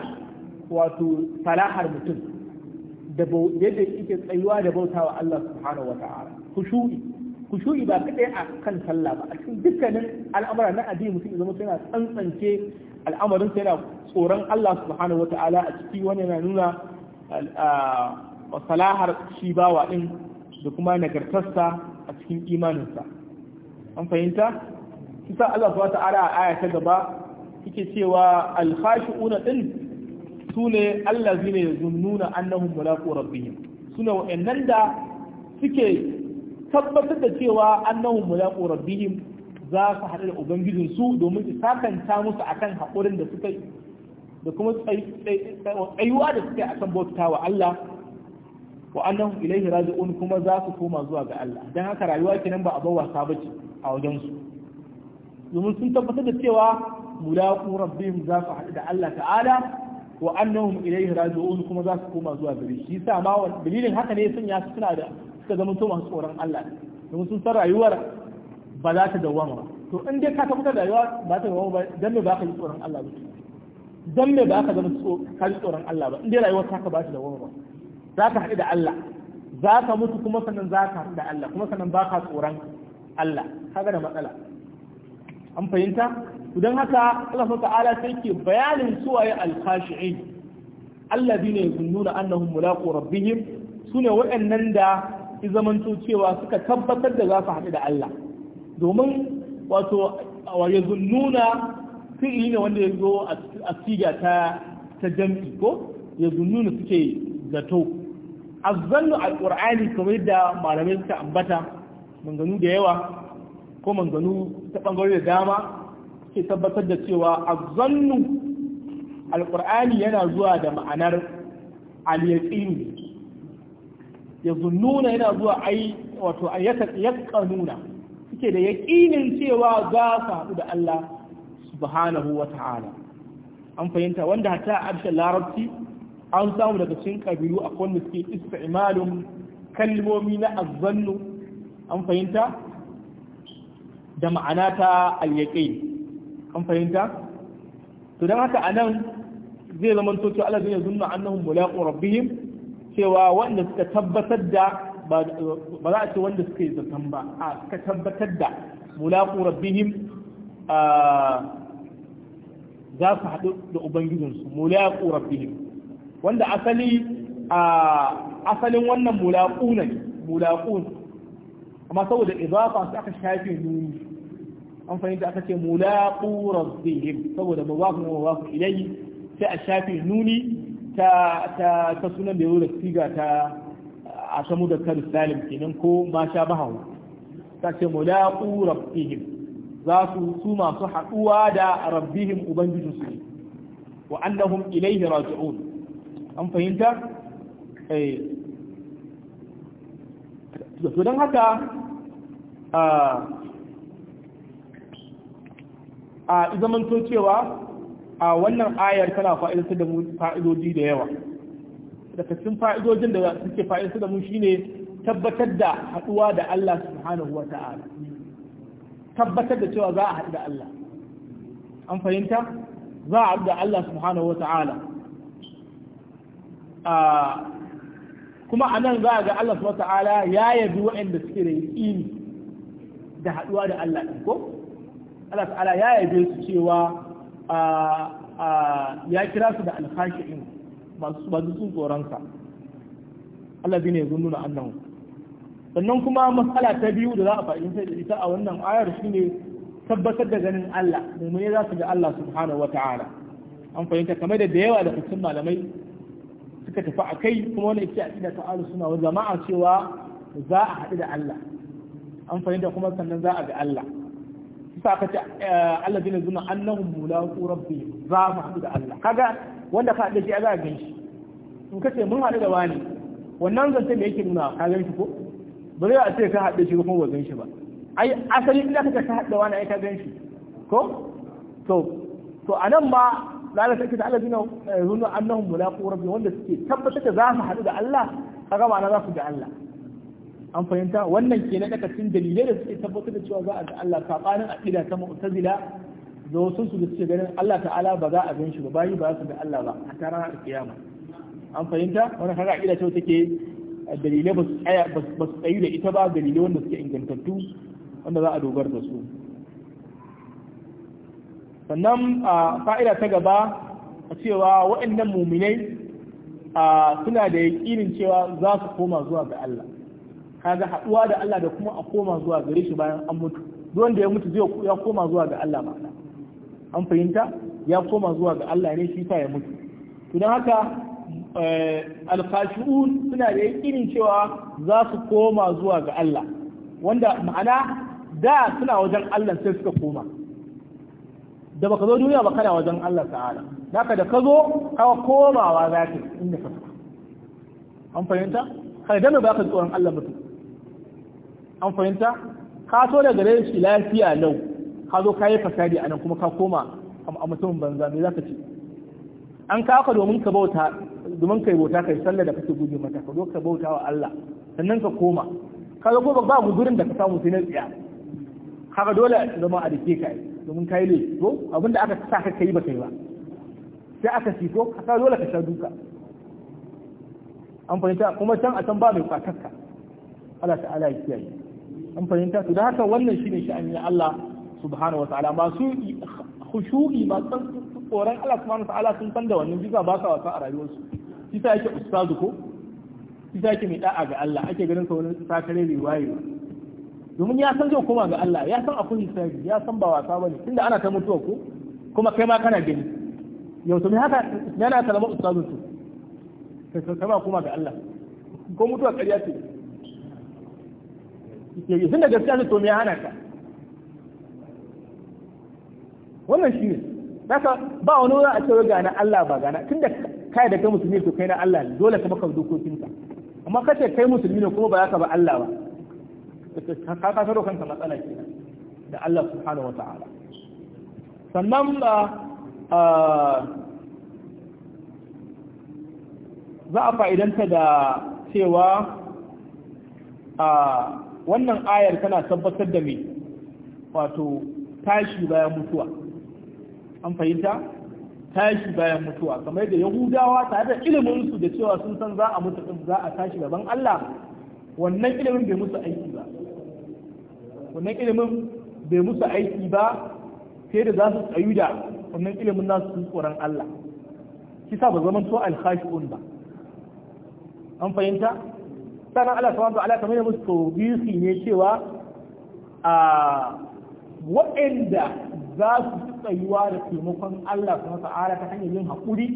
wato salahar mutum da yadda yake tsayuwa da bautawa Allah subhanahu wa ta'ala kushu'i kushu'i ba kadai a kan sallah ba a cikin dukkanin al'amura na addini mutum zama yana tsantsance al'amarin sa yana tsoron Allah subhanahu wa ta'ala a ciki wani yana nuna ah, ah, salahar shi bawa din da kuma nagartarsa a cikin imaninsa an fahimta kisa Allah ta ara a aya ta gaba yake cewa al-khashi'una din sune ne yazunnuna annahum mulaqu rabbihim sune wa'annan da suke tabbatar da cewa annahum mulaqu rabbihim za su haɗu da su domin su sakanta musu akan haƙurin da suka da kuma tsayuwa da suke a kan bauta wa Allah wa annahum ilaihi raji'un kuma za su koma zuwa ga Allah dan haka rayuwa kenan ba a bawa wasa a wajen su domin sun tabbatar da cewa mulaku rabbihim za su haɗu da Allah ta'ala wa annahum ilayhi raji'un kuma za su koma zuwa gare shi yasa ma dalilin haka ne sun ya suna da suka zama to masu tsoron Allah domin sun san rayuwar ba za ta dawwama ba to in dai ka tabbatar da rayuwa ba ta dawwama ba dan me ba ka yi tsoron Allah ba dan me ba ka zama ka yi tsoron Allah ba in dai rayuwar ta ka ba ta dawwama ba za ka haɗu da Allah za ka mutu kuma sannan za ka haɗu da Allah kuma sannan ba ka tsoron Allah kaga da matsala an fahimta don haka Allah ta'ala sai ke bayanin suwaye alkhashi'in allazi ne zunnuna annahun mulaƙo rabbihim ne waɗannan da zamanto cewa suka tabbatar da za su haɗu da Allah domin wato wa yazunnuna fi'ili ne wanda ya zo a siga ta ta jam'i ko yazunnuna suke zato azzannu alqur'ani kamar da malamai suka ambata manganu da yawa ko manganu ta ɓangarori da dama ke tabbatar da cewa azzannu alƙur'ani yana zuwa da ma'anar al ya zunnuna yana zuwa ai wato yaqanuna suke da yaƙinin cewa za su haɗu da Allah subhanahu wa ta'ala an fahimta wanda hatta harshen larabci an samu daga cikin kabilu a wanda suke isti'malun kalmomi na azzannu an fahimta da ma'ana ta al-yaqin an fahimta to don haka anan zai zama to to Allah zai zunna annahum mulaqu rabbihim cewa wanda suka tabbatar da ba za a ce wanda suka yi zaton ba a suka tabbatar da mulaqu rabbihim za su haɗu da ubangijinsu mulaqu rabbihim wanda asali asalin wannan mulaqu ne mulaqu amma saboda idafa sai aka shafe nuni an fahimta aka ce mulaqu rabbihim saboda mudafun wa mudafun ilayhi sai a shafi nuni ta ta ta sunan da yau da siga ta a samu da kar salim kenan ko ma sha bahawu ta ce mulaqu rabbihim za su su masu haɗuwa da rabbihim ubangijin su wa annahum ilayhi raji'un an fahimta eh to don haka ah, a zamanto cewa a wannan ayar tana fa'idantar da mu fa'idoji da yawa daga cikin fa'idojin da suke fa'idantar da mu shine tabbatar da haɗuwa da Allah subhanahu wa ta'ala tabbatar da cewa za a haɗu da Allah an fahimta za a haɗu da Allah subhanahu wa ta'ala kuma a nan za a ga Allah subhanahu wa ta'ala ya yabi waɗanda suke da yaƙini da haɗuwa da Allah ko Allah ta'ala ya yabe su cewa ya kira su da alkhashi'in masu sun tsoronsa Allah zai ne zunnu na annahu sannan kuma matsala ta biyu da za a fahimta da ita a wannan ayar ne tabbatar da ganin Allah domin za su ga Allah subhanahu wata'ala an fahimta kamar da da yawa da cikin malamai suka tafi a kai kuma wani ita aqida ta ahlus suna wal jama'a cewa za a haɗu da Allah an fahimta kuma sannan za a ga Allah sa ka eh, Allah jina zuna annahum mulaqu rabbihim za mu haɗu da Allah kaga wanda ka haɗu da shi a za a ganshi in ka ce mun haɗu da wani wannan zance da yake nuna ka ganshi ko ba zai a ce ka haɗu da shi ko kuma ba ganshi ba ai asali in ka ka haɗu da wani ai ka ganshi ko to to anan ma lalla sai kita Allah jina zuna eh, annahum mulaqu rabbihim wanda suke tabbata da za mu haɗu da Allah kaga ma'ana za su da Allah an fahimta wannan ke na daga cikin dalilai da suke tabbatar da cewa za a ga Allah sabanin aqida ta mu'tazila da wasu su da suke ganin Allah ta'ala ba za a gan shi ba bayi ba su ga Allah ba a tara da kiyama an fahimta wannan kaga aqida ce take eh, dalilai ba su tsaya ba su tsayi da ita ba dalilai wanda suke ingantattu wanda za a dogara da su sannan fa'ida ta gaba a cewa waɗannan muminai suna da yaƙinin cewa za su koma zuwa ga Allah kaga haɗuwa da Allah da kuma a koma zuwa gare shi bayan an mutu duk wanda ya mutu zai ya koma zuwa ga Allah ma'ana an fahimta ya koma zuwa ga Allah ne shi sa ya mutu to dan haka eh, alkashi'un suna da yakinin cewa za su koma zuwa ga Allah wanda ma'ana da suna wajen Allah sai suka koma da baka zo duniya ba kana wajen Allah ta'ala naka da ka zo ka komawa za ka inda ka an fahimta kada da ba ka tsoron Allah mutum an fahimta ka so daga gare shi lafiya lau ka zo ka yi fasadi a nan kuma ka koma a mutumin banza me za ka ce an kaka domin ka bauta domin ka yi bauta ka yi sallar da kake guje mata ka zo ka bauta wa Allah sannan ka koma ka zo gobe ba gudun da ka samu sai na tsiya kaga dole zama a dake ka yi domin ka yi ne ko abinda aka sa ka kai ba kai ba sai aka ci ko ka dole ka sha duka an fahimta kuma can a can ba mai kwatakka Allah ta'ala ya kiyaye an fahimta su da haka wannan shine sha'ani na Allah subhanahu wataala masu khushu'i masu tsoron Allah subhanahu wataala sun san da wannan bisa ba sa wasa a rayuwarsu kisa yake ustazu ko kisa yake mai da'a ga Allah ake ganin sa wani sakare riwaye domin ya san zai koma ga Allah ya san akwai hisabi ya san ba wasa bane tunda ana ta mutuwa ko kuma kai ma kana gani yau to me haka yana kalama ustazu to kai kuma ga Allah ko mutuwa ƙarya ce suke yi tun da gaskiya ne to hana ka wannan shi ne daga ba wani wuri a cewa gana Allah ba gana tun da kai da kai musulmi to kai na Allah ne dole ka maka dokokinka amma kace kai musulmi ne kuma ba za ka ba Allah ba ka ka saro kanka matsala nan da Allah subhanahu ta'ala sannan ba ah, ah, za a fa'idanta da cewa a ah, wannan ayar tana tabbatar da me wato tashi bayan mutuwa an fahimta tashi bayan mutuwa kamar da yahudawa tare da ilimin su da cewa sun san za a mutu din za a tashi gaban Allah wannan ilimin bai musu aiki ba wannan ilimin bai musu aiki ba sai da za su tsayu da wannan ilimin nasu su tsoron Allah kisa ba zaman to alkhashi'un ba an fahimta sannan Allah ta wa ta'ala kamar yana musu tawbisi ne cewa a waɗanda za su fi tsayuwa da taimakon Allah su masa ta hanyar yin haƙuri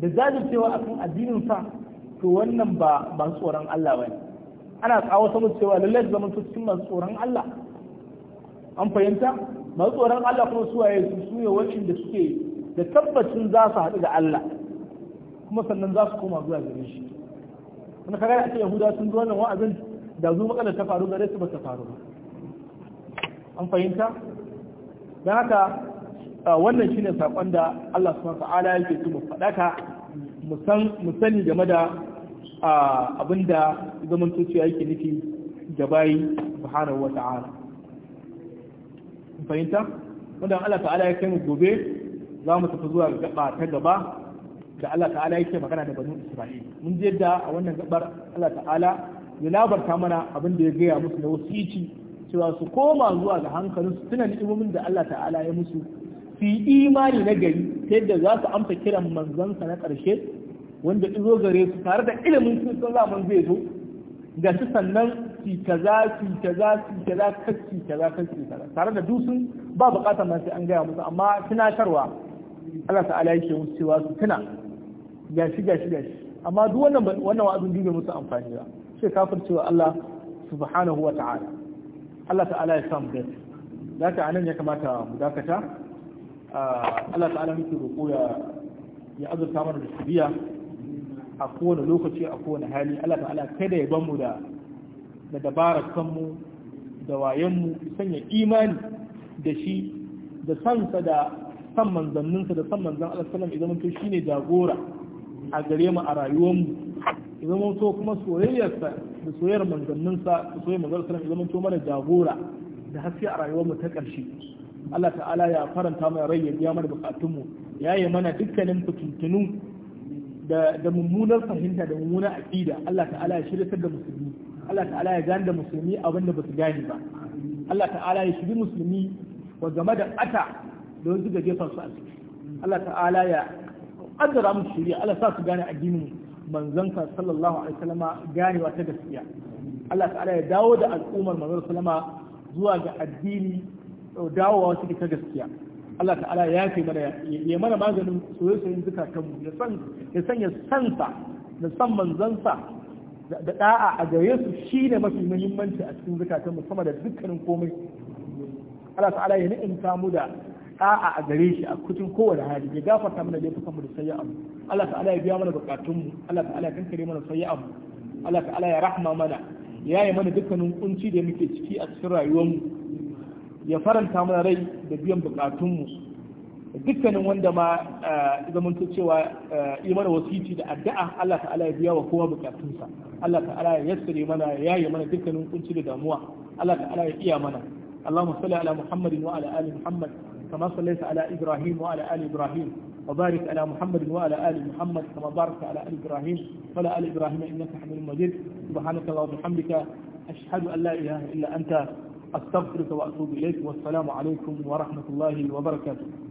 da zajircewa a addinin sa to wannan ba masu tsoron Allah ba ne. ana tsawo samun cewa lallai zaman su cikin masu tsoron Allah an fahimta masu tsoron Allah kuma su waye su su ne waɗanda suke da tabbacin za su haɗu da Allah kuma sannan za su koma zuwa gare shi kuma kaga a ce yahuda sun ji wannan wa'azin da zuwa matsalar ta faru gare su ba ta faru ba an fahimta don haka wannan shine sakon da Allah subhanahu ta'ala yake so mu fadaka mu san mu sani game da abinda zaman tuciya yake nufi da bayi subhanahu wa ta'ala fahimta wanda Allah ta'ala ya kai mu gobe za mu tafi zuwa gaba ta gaba da Allah ta'ala yake magana da banu Isra'il mun je da a wannan gabar Allah ta'ala ya labarta mana abin da ya gaya musu na wasici cewa su koma zuwa ga hankalin su tuna ni'imomin da Allah ta'ala ya musu fi imani na gari ta yadda za su amsa kiran sa na karshe wanda izo gare su tare da ilimin sun zaman zai zo ga su sannan su kaza su kaza su kaza kaci kaza kaci kaza tare da dusun ba bukatar ma sai an gaya musu amma tunatarwa Allah ta'ala yake musu cewa su tuna gashi gashi gashi amma duk wannan wannan wa'azin bai musu amfani ba sai cewa Allah subhanahu wa ta'ala Allah ta'ala ya samu da zaka anan ya kamata mu dakata ah, Allah ta'ala muke roƙo ya ya azurta mana da shiriya a kowane lokaci a kowane hali Allah ta'ala kada ya bamu da da dabarar kanmu da wayenmu sanya imani da shi da sansa da san manzanninsa da san manzan Allah wasallam idan mun to shine jagora a gare mu a rayuwarmu ya zama to kuma soyayyarsa da soyayyar manzanninsa da soyayyar manzanninsa ya zama to mana jagora da haske a rayuwarmu ta ƙarshe Allah ta'ala ya faranta mana rai ya biya mana bukatunmu ya yi mana dukkanin fitintunu da da mummunar fahimta da mummunar aqida Allah ta'ala ya shirya da musulmi Allah ta'ala ya gane da musulmi abinda ba su gane ba Allah ta'ala ya shiri musulmi wa game da ata don zuga jefa su a ciki Allah ta'ala ya kaddara musu shari'a Allah sa su gane addinin manzanka sallallahu alaihi wasallama ganewa ta gaskiya Allah ta'ala ya dawo da al'ummar manzon sallama zuwa ga addini dawowa su ta gaskiya Allah ta'ala ya ce mana ya mana maganin soyayyen zukatanmu ya san ya sanya sansa da san manzansa da da'a a gare su shine mafi muhimmanci a cikin zukatanmu sama da dukkanin komai Allah ta'ala ya ni'imta mu da da'a a gare shi a cikin kowane hali ya gafarta mana laifukan mu da sayya'a Allah ta'ala ya biya mana bukatun mu Allah ta'ala ya kankare mana sayya'a Allah ta'ala ya rahma mana ya yi mana dukkanin kunci da muke ciki a cikin rayuwar mu ya faranta mana rai da biyan bukatun mu dukkanin wanda ma zamanto eh, cewa eh, yi mana wasiti da addu'a Allah ta'ala ya biya wa kowa bukatunsa Allah ta'ala ya yassare mana ya yi mana dukkanin kunci da damuwa Allah ta'ala ya iya mana اللهم صل على محمد وعلى ال محمد كما صليت على إبراهيم وعلى آل إبراهيم وبارك على محمد وعلى آل محمد كما باركت على آل إبراهيم وعلى آل إبراهيم إنك حميد مجيد سبحانك اللهم وبحمدك أشهد أن لا إله إلا أنت أستغفرك وأتوب إليك والسلام عليكم ورحمة الله وبركاته